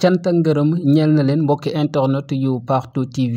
cant ak ngërëm ñeel na leen mbokki internet yu partout TV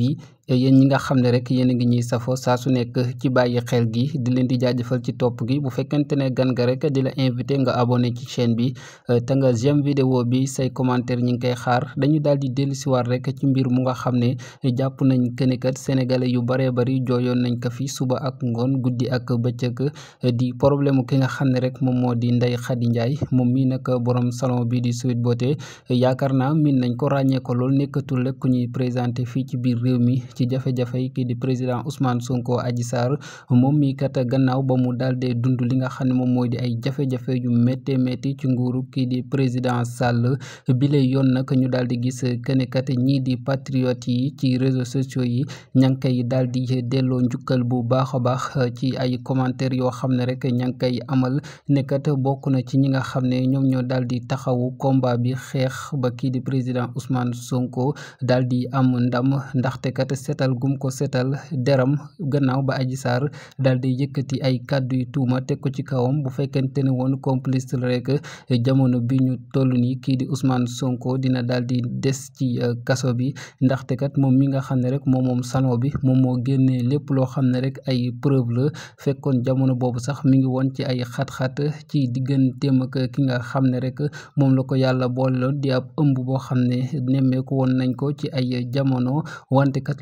yéen ñi nga xam ne rek yéen a ngi ñuy safoo saa su nekk ci bàyyi xel gi di leen di jaajëfal ci topp gi bu fekkente ne gan nga rek di la invité nga abone ci chaîne bi euh, te nga j'aime bi say commentaire ñi ngi koy xaar dañu daal di dellusiwaat rek ci mbir mu nga xam ne jàpp nañ kënikat sénégale yu baree bari jooyoon nañ ko fi suba ak ngoon guddi ak bëccëg euh, di problème ki nga xam ne rek moom moo di ndey xaddi Ndiaye moom mii nag borom salon bi di Sweet Beauté yaakaar naa miin nañ ko ràññee ko nekkatul rek ñuy présenté fii ci biir réew mi ci jafe-jafey kii di président Ousmane Sonko Adji Sarr moom mi kat gannaaw ba mu daal dee dund li nga xam ne moom mooy di ay jafe-jafe yu méttee métti ci nguuru kii di président Sall bi yoon naka ñu daal di gis kenekat ñii di patriotes yi ci réseau sociaux yi ña ngi koy daal di delloo njukkal bu baax a baax ci ay commentaires yoo xam ne rek ña ngi koy amal nekkat bokk na ci ñi nga xam ne ñoom ñoo daal di taxawu komba bi xeex ba kii di président Ousmane Sonko daal setal gum ko setal deram gannaaw ba Adji Sarr daal di yëkkati ay kàddu yu tuuma teg ko ci kawam bu fekkente ni woon complice rek jamono bi ñu toll nii kii di Ousmane Sonko dina daal di des ci euh, kaso bi ndaxte kat moom mi nga xam ne rek moom moom salon bi moom moo génnee lépp loo xam ne rek ay preuve la fekkoon jamono boobu sax mu ngi woon ci ay xat-xat ci digganteem ak ki nga xam ne rek moom la ko yàlla boole loon di ab ëmb boo xam ne nemmeeku woon nañ ko ci ay jamono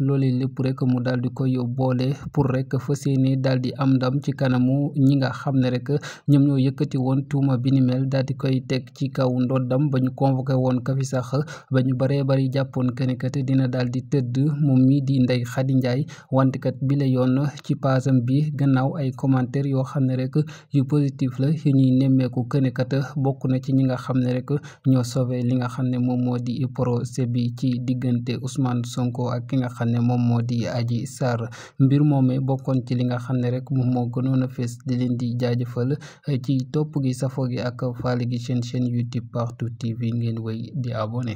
loolee lépp rek mu daal di koy boole pour rek fas yéene daal di am ndam ci kanamu ñi nga xam ne rek ñoom ñoo yëkkati woon tuuma bi ni mel daal di koy teg ci kaw ndoddam ba ñu convoqué woon Kafi sax ba ñu baree bari jàppoon kenn dina daal di tëdd moom mii di ndey Khady Ndiaye wante kat bi la yoon ci paasam bi gannaaw ay commentaire yoo xam ne rek yu positif la yu ñuy nemmeeku kenn bokk na ci ñi nga xam ne rek ñoo sauvé li nga xam ne moom moo di procès bi ci diggante moom moo di aji Sarr mbir moomee bokkoon ci li nga xam ne rek moom moo gënoon a fees di leen di jaajëfal eh, ci topp gi safo gi ak faale gi seen yu YouTube Partout TV ngeen wéy di abonné